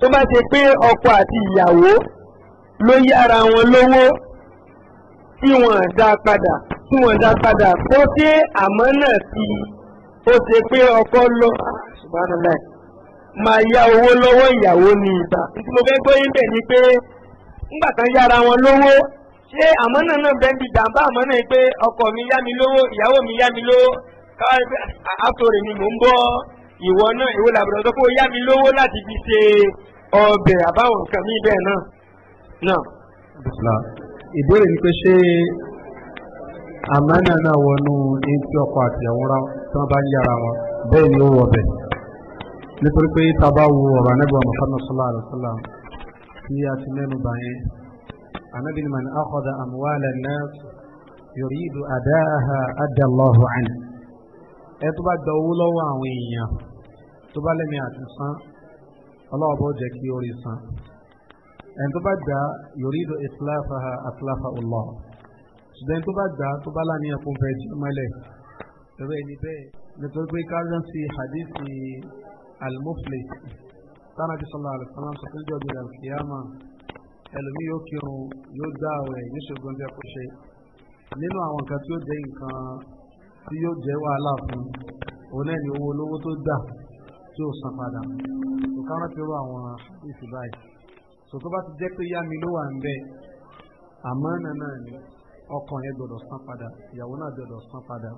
tó bá ṣe pé ọkọ àti ìyàwó ló yára wọn lówó tí wọ́n dá padà tí wọ́n dá padà kó ṣe àmọ́ náà sí ó ṣe pé ọkọ lọ ṣùgbọ́n máa yá owó lọ́wọ́ ìyàwó ní ìgbà tí mo fẹ́ gbọ́ yín bẹ̀ ni pé nígbà kan yára wọn lówó ṣé àmọ́ náà náà bẹ́ẹ̀ bí dàmbá àmọ́ náà pé ọkọ mi yá mi lówó ìyàwó mi yá mi lówó káwá àtòrè ah, ni mò ń bọ́ ìwọ náà ìwọ làbọ̀dọ̀ tó kó yá mi lówó láti fi ṣe ọbẹ̀ àbáwọn nǹkan mí bẹ́ẹ̀ náà náà. ìbéèrè ni pé ṣé àmánà náà wọnú ní tí ọkọ àtìyàwó rá tí wọ́n bá ń yára wọn bẹ́ẹ̀ ni ó wọ bẹ̀ nítorí pé tá a bá wo ọ̀rọ̀ anábìwọ̀n muhammad sallallahu alayhi wa sallam tí a ti mẹ́nu bà yẹn anábìwọ̀n man akhadha amwala an-nas yuridu adaaha adallahu anhu ẹ tó bá gba owó lọ́wọ́ àwọn èèyàn tó bá lẹ́mí àti san ọlọ́wọ́ bó jẹ́ kí orí san ẹni tó bá gbà yuridu islafaha aslafa Allah ṣùgbọ́n ẹni tó bá gbà tó bá láàní ẹkùn fẹ́ jẹ́ mọ́lẹ̀ ẹ̀rọ ẹni bẹ́ẹ̀ nítorí pé káyọ̀ sí hadithi al-muflis tánà bí sọlá alẹ́sàn sọ fún jọ́bi al-kiyama ẹlòmí yóò kírun yóò dá àwẹ̀ yóò ṣògbọ́n bí ẹkọ ṣe nínú àwọn nǹkan tí ó jẹ́ nǹkan tí yóò jẹ́ wàhálà fún òun náà ni owó olówó tó dà tí ó san padà kò ká rántí irú àwọn èsì báyìí so tó bá ti jẹ́ pé yá mi ló wà ń bẹ àmọ́ náà náà ni ọkàn yẹn gbọ́dọ̀ san padà ìyàwó náà gbọ́dọ̀ san padà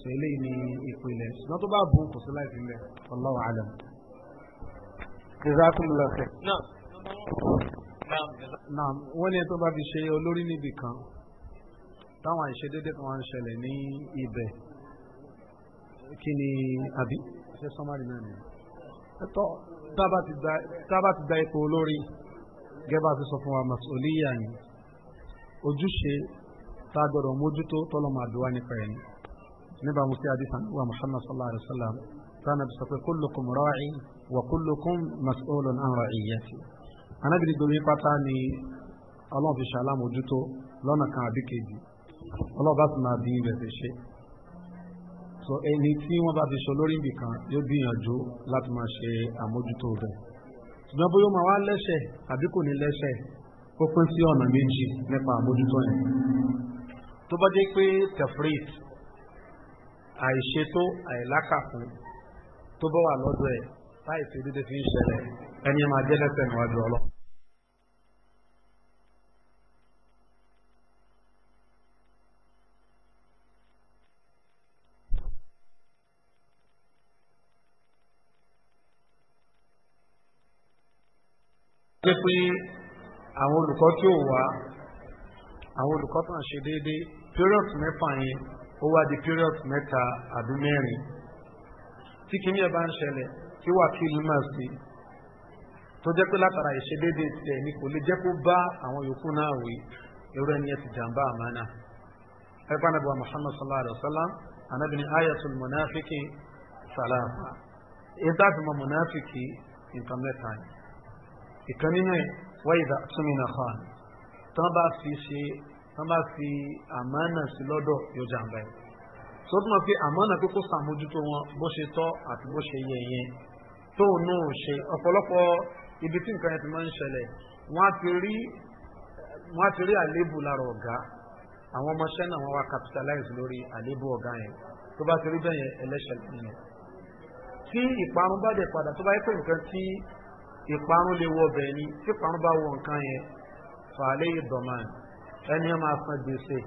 so eléyìí ni ìpìlẹ̀ ṣùgbọ́n tó bá bùn kò sí láì fi mẹ́ Allahu alam. jazakumullah khair. naam wọ́n ní ẹ tó bá fi ṣe olórí níbì kan táwọn àìṣedédé kan wá ń ṣẹlẹ̀ ní ibẹ̀ kí ni àbí ṣe sọmárì náà ni ẹtọ tábà ti da ipò olórí gẹ́bà ti sọ fún wa masuliya ni ojúṣe tá a gbọdọ̀ mójútó tọ́lọ́mọ àdúrà nípa ẹ̀ ni nígbà mo ti àdìsàn wa muhammad sallallahu alayhi wa sallam sanni bisọ pé kullukum ra'i wa kullukum mas'ulun an ra'iyati anabiri gbogbo pátá ni ọlọ́run fi ṣàlámójútó lọ́nà kan àbíkejì ọlọ́run bá ti máa bí ibẹ̀ fi ṣe so ẹni tí wọ́n bá ti sọ lórí ibìkan yóò gbìyànjú láti máa ṣe àmójútó rẹ̀ ṣùgbọ́n bóyá máa wá lẹ́sẹ̀ àbí kò ní lẹ́sẹ̀ ó pín sí ọ̀nà méjì nípa àmójútó yẹn tó bá jẹ́ pé tefrit àìṣètò àìlákàkún tó bá wà lọ́dọ̀ ẹ̀ láì fi dídé fi ń ṣẹlẹ̀ ẹni máa jẹ́ lẹ́sẹ̀ níwájú ọlọ́ jẹ́ pé àwọn olùkọ́ tí ò wá àwọn olùkọ́ tó ń ṣe déédéé periods mẹ́fà yẹn ó wá di periods mẹ́ta àbí mẹ́rin tí kìíní ẹ̀ bá ń ṣẹlẹ̀ kí wákìlì máa sí tó jẹ́ pé látara ìṣedéédé tẹ̀ ni kò lè jẹ́ kó bá àwọn yòókù náà wí irú ẹni ẹ ti jàǹbá àmánà ẹgbẹ́ anábìwá muhammad sallallahu alayhi wa sallam anábì ní ayatul munafiki salama ìdáàbìmọ̀ munafiki nǹkan mẹ́ta yìí ìkan nínú ẹ̀ wọ́n ìdá túnmínà kan tán bá fi ṣe tán bá fi amana sí lọ́dọ̀ yóò jàǹbá ẹ̀ tó tún mọ̀ pé àmánà pé kó sàmójútó wọn bó ṣe tọ́ àti bó ṣe yẹ yẹn tóun náà ṣe ọ̀pọ̀lọpọ̀ ibi tí nǹkan yẹn ti máa ń ṣẹlẹ̀ wọ́n á ti rí wọ́n ti rí àléébù lára ọ̀gá àwọn ọmọọṣẹ́ náà wọ́n wá capitalize lórí àléébù ọ̀gá yẹn tó bá ti rí bẹ́ẹ̀ yẹn ẹlẹ́ṣẹ̀ nìyẹn tí ìparun bá dẹ̀ padà tó bá yẹ pé nǹkan tí ìparun lè wọ bẹ̀ ni tí ìparun bá wọ nǹkan yẹn fàálẹ́ ìdọ̀mọ̀n ẹni máa san gbèsè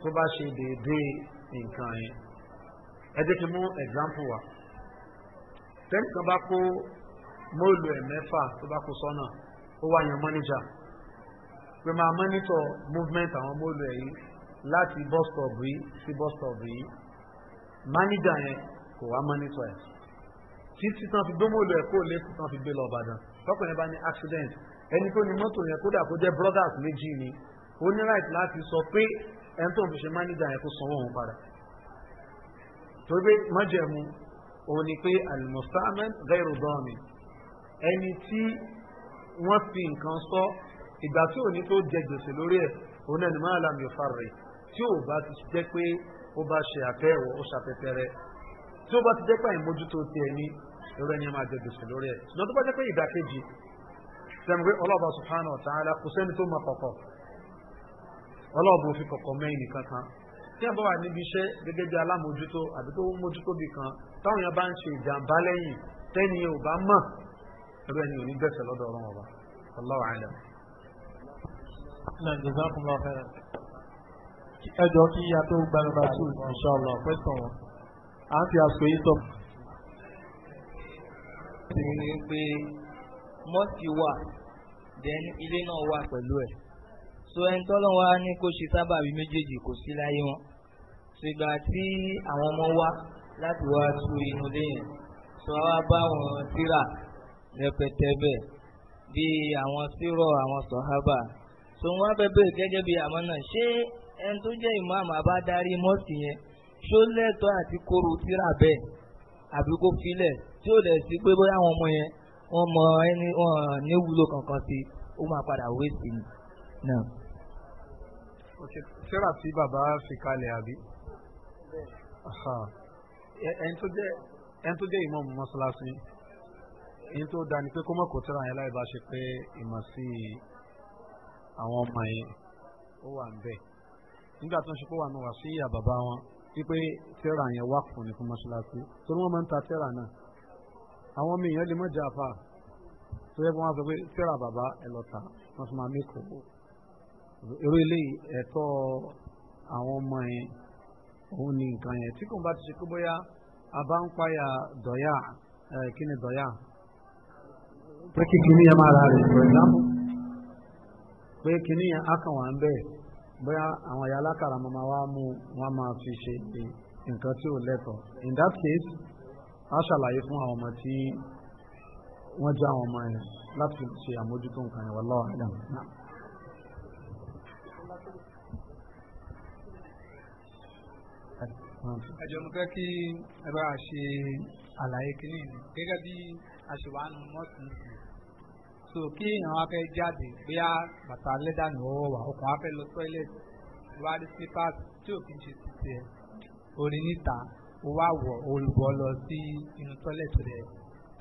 tó bá ṣe déédéé nǹkan yẹn. ẹ jẹ́ kí n mú example wa tẹ́nìkan bá kó móòlù ẹ̀ mẹ́fà tó bá kó sọ́nà ó wá yan mọ́níjà pé máa mọ́nítọ̀ movement àwọn móòlù ẹ̀ yìí láti bus stop yìí sí bus stop yìí mọ́níjà yẹn kò wá mọ́nítọ̀ ẹ̀ títí tán fi gbé móòlù ẹ̀ kó lé títí tán fi gbé lọ Ìbàdàn tọkùnrin bá ní accident ẹni tó ní mọ́tò yẹn kódà kó jẹ́ brothers méjì ni ó ní right láti sọ pé ẹni tó ń fi ṣe manager yẹn kó sanwó òun padà torí pé májẹ̀mú òun ni pé alimusamen gẹ́rù dọ́ọ̀mì ẹni tí wọ́n fi nǹkan sọ ìgbà tí òní tó jẹ gbèsè lórí ẹ̀ òun náà máa làmì òfarè tí ò bá ti jẹ́ pé ó bá ṣe àfẹ́wọ̀ ó ṣàfẹ́fẹ́ tí ó bá ti jẹ́ pé àìmójútó tiẹ̀ ni lórí ẹni máa jẹ gbèsè lórí ẹ̀ ṣùgbọ́n tó bá jẹ́ pé ìdàkejì sẹ́mi pé ọlọ́ọ̀bà subhanahu wa ta'ala kò sẹ́ni tó mọ kọ̀kọ̀ ọlọ́ọ̀bù òfin kọ̀kọ̀ mẹ́yìn nìkan kan tí a bá wà níbi iṣẹ́ gẹ́gẹ́ bí alámòjútó àbí tó mójútó bì kan táwọn èèyàn bá ń ṣe ìjàmbá lẹ́yìn tẹ́ni ò bá mọ̀ ẹ̀rọ ẹni ò ní gbẹ̀sẹ̀ lọ́dọ̀ ọ̀rọ̀ a ń fi àsòyí sọ̀rọ̀ sí ni wípé mọ́ọ̀sì wà then ilé náà wà pẹ̀lú ẹ̀ so ẹni tọ́lọ́ wa ní kó ṣe sábàbí méjèèjì kò sí láyé wọn ṣùgbà tí àwọn ọmọ wá láti wá tú inú léyìn sọ wá bá wọn síra rẹpẹtẹ bẹ́ẹ̀ bí àwọn sírọ àwọn sọhábà so wọn bẹbẹ gẹ́gẹ́ bí àwọn náà ṣé ẹni tó jẹ́ ìmáàmù àbádarí mọ́ọ̀sì yẹn ṣó lẹ́tọ̀ọ́ àti kóru síra bẹ́ẹ̀ àbí kó filẹ̀ tí ó dẹ̀ sí pé bóyá àwọn ọmọ yẹn wọ́n mọ ẹni wọ́n ní wúlò kankan sí ó máa padà wé sí i náà. sẹ́rà tí bàbá fi kalẹ̀ àbí ẹni tó jẹ́ ẹni tó jẹ́ ìmọ̀ mọ́ṣáláṣí ẹni tó dá ni pé kó mọ̀ kó tẹ́ra yẹn láì bá ṣe pé ìmọ̀ sí àwọn ọmọ yẹn ó wà ń bẹ̀ nígbà tó ń ṣe pé wà nù wá sí ìyá bàbá wọn wípé tẹ́ra yẹn wà fún ni fún mọ́ṣáláṣí torí wọ́n máa ń ta tẹ́ra náà àwọn ọmọ èèyàn lè mọ̀ jẹ́ àfa tó yẹ kó wọ́n sọ pé tíra bàbá ẹ lọ tà wọ́n tún máa mí kò irú eléyìí ẹ̀tọ́ àwọn ọmọ yẹn òun ni nǹkan yẹn tí kò bá ti ṣe pé bóyá a ń páyà dọ̀yà kí ni dọ̀yà pé kí kìíní yẹn rẹ̀ for example pé kìíní yẹn á kàn wá ń bẹ́ẹ̀ bóyá àwọn ìyá alákàrà máa wá mú wọn máa fi ṣe nǹkan tí ò lẹ́tọ̀ọ́ in that case á ṣàlàyé fún àwọn ọmọ tí wọ́n já àwọn ọmọ yẹn láti ṣe àmójútó nǹkan yẹn wallahu a'lam. ẹjọ mo fẹ́ kí ẹ bá a ṣe àlàyé kínní gẹ́gẹ́ bí àṣewánu mọ́tún so kí èèyàn wá fẹ́ jáde bóyá bàtà lẹ́dà ní ọwọ́ wa ọkàn wá fẹ́ lọ tọ́ílẹ̀tì wá rí tí òfin ṣe ti tiẹ̀ orin níta ó wá wọ olùbọ̀ lọ sí inú tọ́lẹ̀tì rẹ̀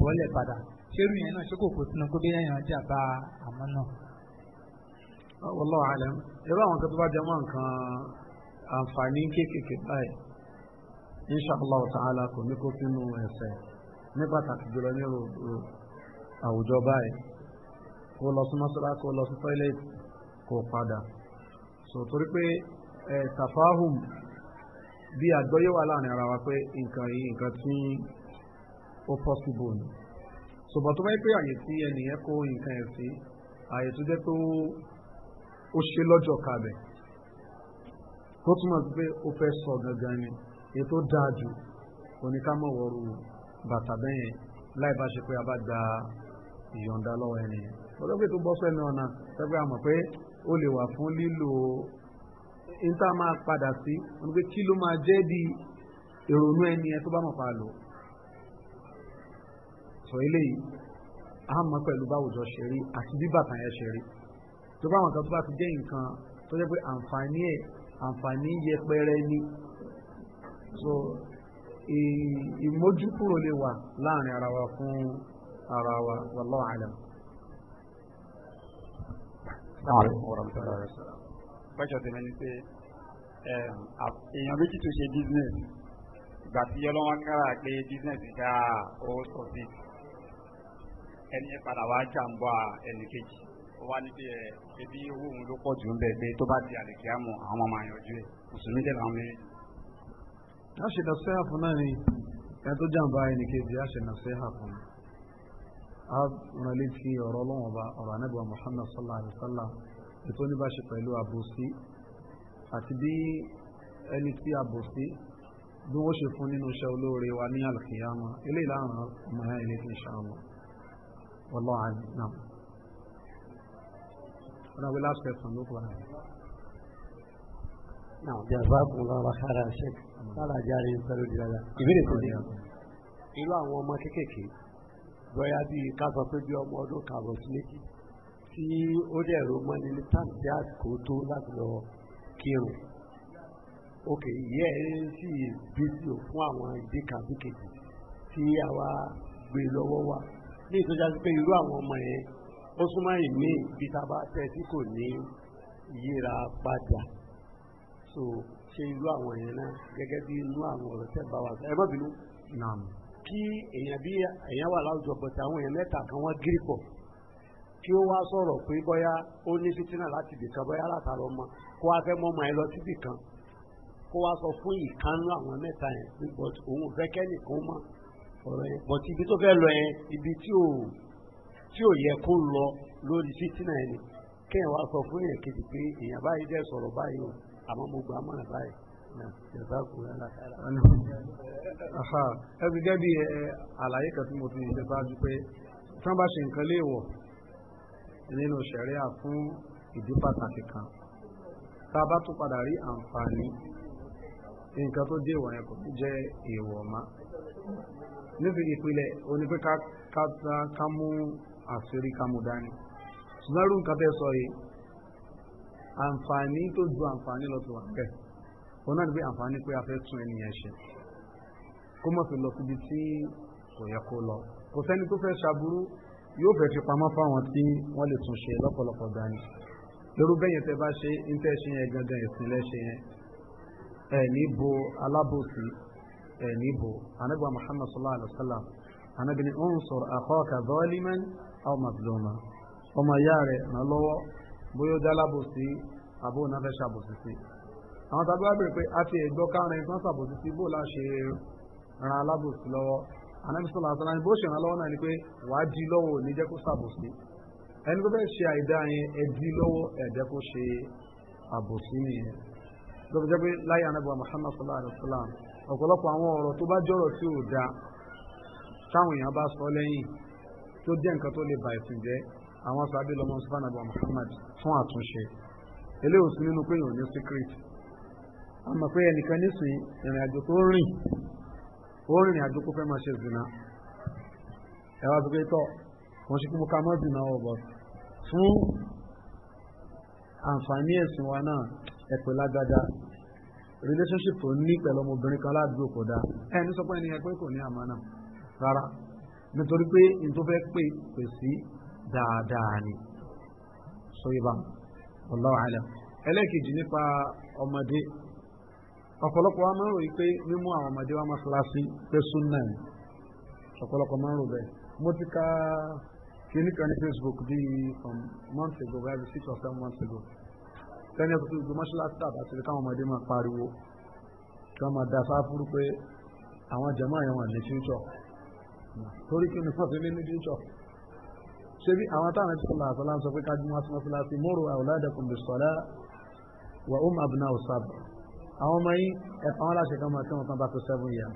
bọ́lẹ̀ padà ṣérú yẹn náà ṣé kò kó sínú kó bí yẹn yàn jàbá àmọ́ náà. wallahu alam irú àwọn kan tó bá jẹ mọ́ nǹkan àǹfààní kéékèèké báyìí inshallah ta'ala kò ní kó sínú ẹ̀sẹ̀ ní pàtàkì jùlọ ní àwùjọ báyìí kó lọ sí kó lọ sí tọ́lẹ̀tì kó padà sọ torí pé eh, bí àgbọ́yé wà láàrin ara wa pé nǹkan yìí nǹkan tí ó possible ni ṣùgbọ́n tó bá yẹ pé àyè tí ẹnìyẹn kó nǹkan ẹ̀ sí àyè tó jẹ́ pé ó ṣe lọ́jọ́ kabẹ̀ tó túmọ̀ sí pé ó fẹ́ sọ gangan ni èyí tó dáa jù oníkámọ̀wọ́rù bàtà bẹ́yẹn láì bá ṣe pé a bá gba ìyọ̀ǹda lọ́wọ́ ẹnìyẹn. ọ̀dọ́gbẹ́ tó bọ́ sẹ́nu ọ̀nà sẹ́gbẹ́ àmọ̀ pé ó lè wà fún lílo n tá a máa padà sí wọn pé kí ló máa jẹ́ di ìrònú ẹni ẹ tó bá mọ̀ pa lò sọ eléyìí a mọ̀ pẹ̀lú báwùjọ ṣe rí àti bí bàtà yẹn ṣe rí tó bá wọn kan tó bá ti jẹ́ nǹkan tó jẹ́ pé àǹfààní ẹ̀ àǹfààní yẹpẹrẹ ni so ìmójúkúrò lè wà láàrin ara wa fún ara wa wallahu alam. Assalamu alaikum warahmatullahi wabarakatuh question tèmi ni pé èèyàn méjì tó ṣe business ìgbà tí ọlọ́wọ́n kára pé business dá ó sọ sí ẹni padà wá jàǹbá ẹnì kejì ó wá ní pé ẹ ebi owó òun ló pọ̀ jù ń bẹ̀ pé tó bá di àlèkè àmọ́ àwọn máa yanjú ẹ̀ mùsùlùmí tẹ̀lé àwọn méjì. a ṣe nàṣẹ́hà fún náà ni ẹ tó jàǹbá ẹnì kejì a ṣe nàṣẹ́hà fún un. a rán létí ọ̀rọ̀ ọlọ́wọ́n ọba ọ̀rọ̀ anábìwá muhammad sallallahu alayhi wa sallam ètò ní bá ṣe pẹ̀lú àbòsí àti bí ẹni tí àbòsí bí wọ́n ṣe fún nínú iṣẹ́ olóore wa ní àlùkìyàmá eléyìí láwọn ọmọ ẹ̀ ilé tí ń ṣàwọn wallahu a'lam náà ọ̀nà wí last question ló kọ́ra yìí. náà jazakum lọ́wọ́ kára ṣe àwọn ọmọ kéékèèké bóyá bíi ká sọ pé bí ọmọ ọdún kààbọ̀ sí méjì tí o dẹ̀ o mọ́ ní táàmù tí àsìkò tó láti lọ kírun ok ìyẹ́ ẹ sì bísí fún àwọn ìdí kan tí àwa gbé lọ́wọ́ wa ní ìtọ́jà sí pé irú àwọn ọmọ yẹn o súnmọ́ ìmí ibi tẹ́ tí kò ní yíra so kí ó wá sọ̀rọ̀ pé bọ́yá ó ní fitina láti bìkan bọ́yá látara ọmọ kó wá fẹ́ mọ́mọ́ ẹ lọ síbì kan kó wá sọ fún ìkánú àwọn mẹ́ta yẹn but òun fẹ́ kẹ́nìkan mọ́ ọ̀rọ̀ yẹn but ibi tó fẹ́ lọ yẹn ibi tí ò tí ò yẹ kó lọ lórí fitina yẹn ni kéèyàn wá sọ fún yẹn kejì pé èèyàn báyìí dẹ́ sọ̀rọ̀ báyìí o àmọ́ mo gbà á mọ̀ràn báyìí ẹ nínú ṣẹ̀ríà fún ìdí pàtàkì kan tá a bá tún padà rí àǹfààní nǹkan tó dé ìwọ̀n yẹn kò ní jẹ́ èèwọ̀ mọ́ níbi ìpìlẹ̀ ó ní pé ká mú àṣírí ká mú dání ṣùgbọ́n irú nǹkan tẹ́ sọ yìí àǹfààní tó ju àǹfààní lọ sí wà bẹ́ẹ̀ òun náà ni pé àǹfààní pé a fẹ́ tún ẹnìyẹn ṣe kó mọ̀ sí lọ síbi tí kò yẹ kó lọ kò sẹ́ni tó fẹ́ ṣàbúrú yóò fẹ́ fi pamọ́ fáwọn tí wọ́n lè tún ṣe lọ́pọ̀lọpọ̀ dání lórí bẹ́yẹn tẹ́ bá ṣe ń tẹ́ ṣe yẹn gangan ẹ̀sìn lẹ́ṣẹ̀ yẹn ẹ̀ ní bo alábòsí ẹ̀ ní bo anagba muhammad sallallahu alayhi wa sallam anabi ni ń sọ̀rọ̀ àkọ́ọ̀kà zaliman aw mazluma ọmọ ìyá rẹ̀ ràn lọ́wọ́ bóyá ó dá alábòsí àbó náà fẹ́ ṣàbòsí sí àwọn tàbí wá bèrè pé a ti ẹ̀gbọ́ káàrin tán ṣàbòsí sí bó láṣẹ ran alábòsí lọ́wọ́ anabi sọlá àtàlà ni bó ṣe ràn lọ́wọ́ náà ni pé wàá di lọ́wọ́ ò ní jẹ́ kó ṣàbòsí ẹni tó bẹ́ẹ̀ ṣe àìdá yẹn ẹ di lọ́wọ́ ẹ jẹ́ kó ṣe àbòsí nìyẹn lọ́wọ́ jẹ́ pé láyé anabi muhammad sọlá àdàsọlá ọ̀pọ̀lọpọ̀ àwọn ọ̀rọ̀ tó bá jọ̀rọ̀ tí ò da táwọn èèyàn bá sọ lẹ́yìn tó jẹ́ nǹkan tó lè bà ẹ̀sìn jẹ́ àwọn sábẹ́ lọ́mọ sọ́fànàbà muhammad fún àtúnṣe eléyìí ò sí nínú pé èèyàn ní secret àmọ́ pé ẹnìkan nísìnyí ìrìn àjò tó ó ni a kó fẹ́ na ṣe zina ẹ wá sọ pé tọ́ wọ́n ṣe kí mo zina fún relationship to ní pẹ̀lú ọmọbìnrin kan aládùúgbò kò dáa ẹ̀ ní sọ ẹni ẹgbẹ́ kò ní àmọ́ náà rárá nítorí pé n tó fẹ́ pè pè sí dáadáa ni sọ ọ̀pọ̀lọpọ̀ wa máa ń rò yí pé mímú àwọn ọmọdé wa mọ́ṣáláṣí pé súnà ẹ̀ ọ̀pọ̀lọpọ̀ máa ń rò bẹ́ẹ̀ mo ti ka kìíní kan ní facebook bíi from months ago five six or seven months ago tẹ́ni ẹ̀kọ́ tó gbé mọ́ṣáláṣí tàbá ti rí káwọn ọmọdé máa pariwo kí wọ́n máa da sáfúrú pé àwọn jẹ̀mọ́ àyẹ̀wò àlè future torí kí ni wọ́n fi ní ní future ṣebí àwọn táwọn ẹtì sọlá àtọlá ń sọ pé kájú wọn sí mọ́ṣáláṣí mọ́rọ̀ àwòlá ẹ̀dẹ̀kùn bìsọ̀lá wà ó máa bìnà ọ̀sàbọ̀ àwọn ọmọ yín ẹ̀fọn aláṣẹ kan máa tẹ́wọ̀n kan bá tó seven years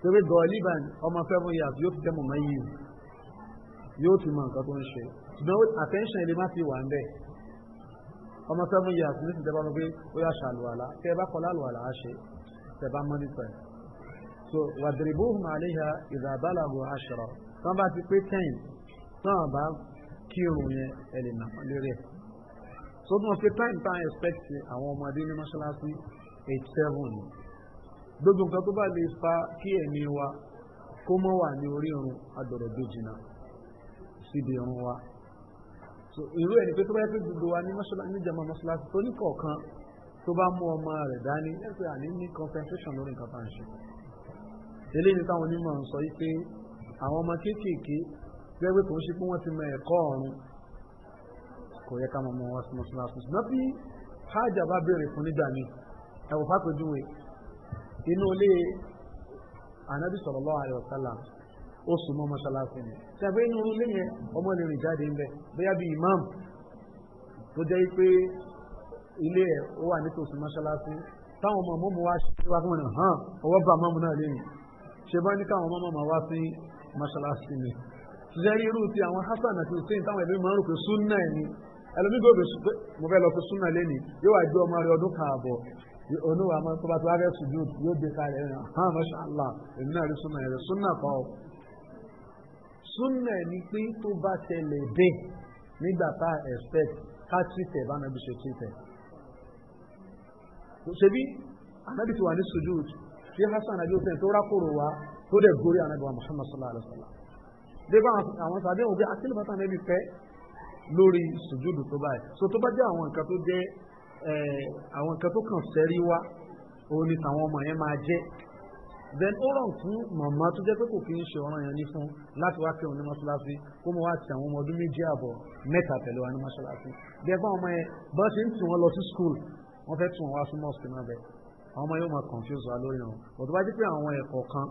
torí gọ̀ọ́líbà ọmọ seven years yóò ti tẹ́ mọ̀ mọ́yì yóò ti mọ nǹkan tó ń ṣe ṣùgbọ́n attention ilé má ti wà ń bẹ̀ ọmọ seven years ní ti dẹ́gbàá pé ó yà ṣàlùwàlà tẹ́ ẹ bá kọ́ lálùwàlà á ṣe tẹ́ bá mọ́ nípa ẹ̀ so wàdìrìbóhùn àléhà ìdàbálàbò àṣọrọ̀ tán bá ti pé ten tán bá kírun yẹn ẹ lè nà lórí ẹ̀ so bí wọ́n fi time time expect àwọn ọmọdé ní mọ́ṣáláṣí eight seven ni gbogbo nǹkan tó bá lè fa kí ẹ̀mí wa kó mọ́ wà ní orí irun agbọ̀dọ̀ gbé síbi irun wa so irú ẹni pé tó bá yẹ pé gbogbo wa ní níjàmbá mọ́ṣáláṣí tó ní kọ̀ọ̀kan tó bá mú ọmọ rẹ̀ dání ẹ̀sẹ̀ àní ní concentration lórí nǹkan tá ń ṣe eléyìí ni táwọn onímọ̀ ń sọ yìí pé àwọn ọmọ kéékèèké gbẹ́gbẹ́ tó ń ṣe pé wọ́n ti mọ ẹ̀kọ́ ọ̀run kò yẹ ká mọ̀ mọ́ wọn sí mọ́ṣáláṣí ṣùgbọ́n bí hájà ẹ̀wọ̀n fàpẹ̀júwe inú ilé anabi sallallahu alaihi wasallam ó sùn mọ́ mọ́ṣáláṣí ni ṣàbẹ inú ilé yẹn ọmọ lè rìn jáde ńbẹ bóyá bíi imam tó jẹ́ pé ilé ẹ̀ ó wà nítòsí mọ́ṣáláṣí táwọn ọmọ mọ́mú wá ṣe wá fún wọn hàn ọwọ́ bá mọ́mú náà lẹ́yìn ṣe bá ní káwọn ọmọ máa wá sí mọ́ṣáláṣí ni ṣiṣẹ́ irú ti àwọn hasan àti hussein táwọn ẹbí máa ń rò pé súnà ẹ̀ ni ẹlòmígbò mo fẹ́ lọ sí súnà lẹ́ni yóò wá gbé ọmọ rẹ ọdún kan àbọ̀ oníwà máa tó bá tó bá fẹ́ sùdú yóò gbé kalẹ̀ ẹ̀ hàn masha allah èmi náà rí súnà rẹ̀ súnà kọ́ ọ. súnà ni pé tó bá tẹ̀lé dé nígbà tá a expect ká tìtẹ̀ bá nàbí ṣe tìtẹ̀. ṣebí anabi ti wà ní sùdú ṣé hasan àbí hussein tó rákòrò wa tó dẹ̀ gorí anabi wa muhammad sallallahu alayhi wa sallam. débà àwọn sàbẹ̀ òbí akílùbátà nàbí fẹ́ lórí sùdúdù tó báyìí so tó bá jẹ́ àwọn nǹkan tó jẹ́ àwọn nǹkan tó kàn sẹ́rí wá òun ni tàwọn ọmọ yẹn máa jẹ́ then ó rọrùn fún màmá tó jẹ́ pé kò kí ń ṣe ọ̀ràn yẹn ní fún láti wá kí òun ní mọ́ṣáláṣí kó mo wá ti àwọn ọmọ ọdún méjì àbọ̀ mẹ́ta pẹ̀lú wa ní mọ́ṣáláṣí bí ẹgbẹ́ ọmọ yẹn bá ṣe ń tì wọ́n lọ sí school wọ́n fẹ́ tì wọ́n wá sí mosque náà bẹ́ẹ̀ àwọn ọmọ yóò máa confuse wa lórí wọn ọ̀dọ́ bá jẹ́ pé àwọn ẹ̀kọ́ kan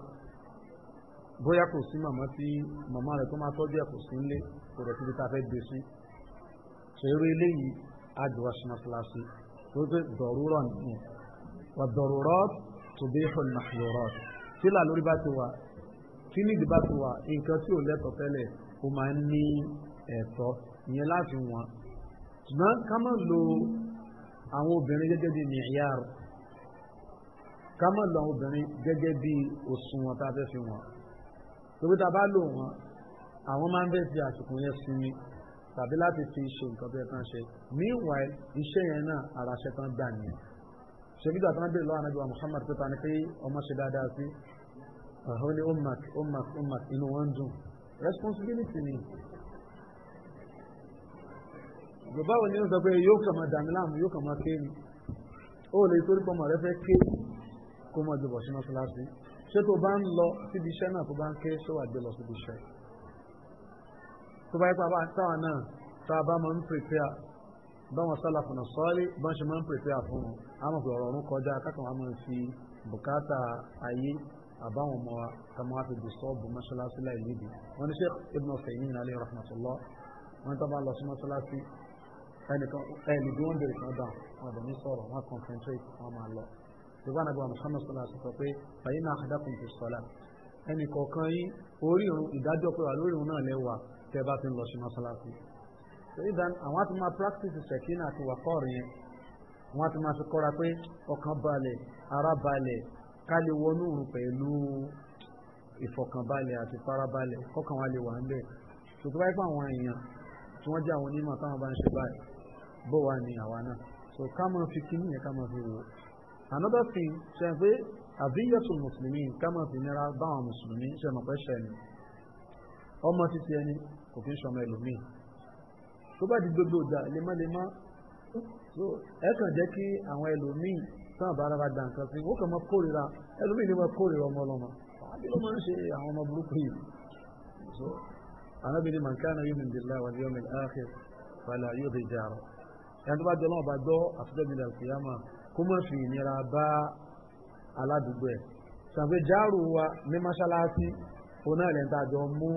bóyá kò sí màmá tí màmá rẹ̀ tó máa tọ́jú wípé dọ̀rúrọ̀ nìyẹn wà dọ̀rúrọ̀ tòbí ìfọ̀nàfọ̀rọ̀ tí là lórí bá ti wà tí nídìí bá ti wà nǹkan tí ò lẹ́tọ̀ọ́ tẹ́lẹ̀ ó máa ń ní ẹ̀tọ́ ìyẹn láti wọ̀n ṣùgbọ́n ká má lo àwọn obìnrin gẹ́gẹ́ bí mìíyàrá ká má lo àwọn obìnrin gẹ́gẹ́ bí òṣùwọ̀n tá a fẹ́ fi wọ̀n tóbi tá bá lò wọ́n àwọn máa ń bẹ́ẹ̀ fi àsìkò yẹn sinmi tàbí láti fi ṣe nǹkan tó yẹ kán ṣe meanwhile iṣẹ́ yẹn náà ara ṣe tán gbà nìyẹn ṣèbígbà tán bèrè lọ́wọ́ anábìwá muhammad tó ta ni pé ọmọ ṣe dáadáa sí ọ̀hún ní ummak ummak ummak inú wọn ń dùn responsibility ni bàbá wo ni ó sọ pé yóò kàn máa dàmí láàmú yóò kàn máa ké mi ó lè torí pọ́nmọ̀ rẹ fẹ́ ké kó máa jọ̀bọ̀ sí mọ́ṣáláṣí ṣé tó bá ń lọ síbi iṣẹ́ náà tó bá ń ké ṣé wàá gbé lọ síbi iṣẹ́ yìí tó bá yẹ pé táwọn náà tá a bá máa ń pèpéà báwọn sálàfù náà sọ́ọ́lì bá ń ṣe máa ń pèpéà fún un a máa fi ọ̀rọ̀ ọ̀run kọjá kákan wa máa fi bùkátà ayé àbáwọn ọmọ wa ká máa fi dùsọ́ọ̀bù mọ́ṣáláṣí láì níbi wọn ní Sheikh Ibn Uthaymeen alayhi rahmatullah wọn tó bá lọ sí mọ́ṣáláṣí ẹnìkan ẹnì bí wọ́n bèrè kan dáhùn wọn àbẹ̀ ní sọ̀rọ̀ wọn concentrate wọn máa tẹ́ bá ti ń lọ sí mọ́sálásí torí dan àwọn àti máa practice sẹ̀kínà àti wàkọ́ọ̀rù yẹn àwọn àti máa fi kọ́ra pé ọkàn balẹ̀ ara balẹ̀ ká lè wọnú òun pẹ̀lú ìfọ̀kànbalẹ̀ àti farabalẹ̀ kọ́kàn wa lè wà ń bẹ̀ ṣùgbọ́n báyìí pé àwọn èèyàn tí wọ́n jẹ́ àwọn onímọ̀ táwọn bá ń ṣe báyìí bó wà ní àwa náà so ká máa fi kí nìyẹn ká máa fi wò another thing ṣe pé àbíyẹ̀tò mùsùlùmí ká máa fi nira báwọn mùsùlùmí ṣe mọ̀ pẹ́ ṣẹ̀ ni ọmọ títí ẹni kò kí ń sọmọ ẹlòmíì tó bá di gbogbo ìgbà lemọ́lemọ́ so ẹ kàn jẹ́ kí àwọn ẹlòmíì tán àbára bá da nǹkan sí ó kàn máa kórìíra ẹlòmíì ni máa kórìíra ọmọ ọlọ́mọ àbí ló máa ń ṣe àwọn ọmọ burúkú yìí so anábìrin mankana yóò mìíràn dìlá wàlẹ́ ọmọ ìlàáfẹ́ fàlà yóò fi jà rọ ẹni tó bá jọ náà bá gbọ́ àtúntò mi dàrú kìyàmà kó má fi ìnira bá aládùúgbò ẹ̀ sàgbéjáàrò wa ní mọ́ṣáláṣí onáìlẹ́ntàjọ mú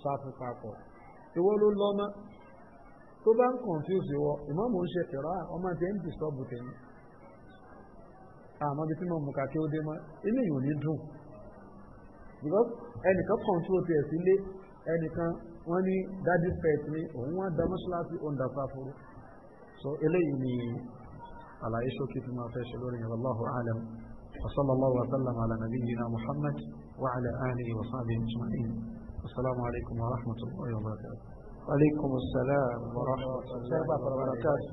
sáfù papọ̀ ìwọ ló lọ ọmọ tó bá ń confuse wọ ìmọ̀mù ń ṣe fìrà ọmọ tí ń disturb tèmi àmọ́ bí tí mo mú kàkí ó dé mọ́ inú yìí ní dùn because ẹnìkan control tiẹ̀ sílé ẹnìkan wọ́n ní dadi pet ni òun wọ́n da mọ́ṣáláṣí so eléyìí ni àlàyé ṣókí tí mo fẹ́ ṣe lórí yẹn wallahu wa ala nabiyyina muhammad wa ala alihi wa sahbihi السلام عليكم ورحمة الله وبركاته عليكم السلام ورحمة الله وبركاته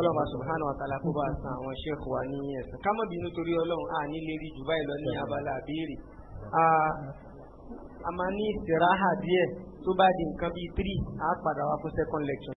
ọlọ́ba subhanahu wa ta'ala kó bá a san àwọn sheikh wa ní ẹ̀sìn ká má bínú torí ọlọ́run a ní lè rí jù báyìí lọ ní abala àbíèrè a máa ní ìsìráhà díẹ̀ tó bá di nǹkan bíi three a padà wá fún second lecture.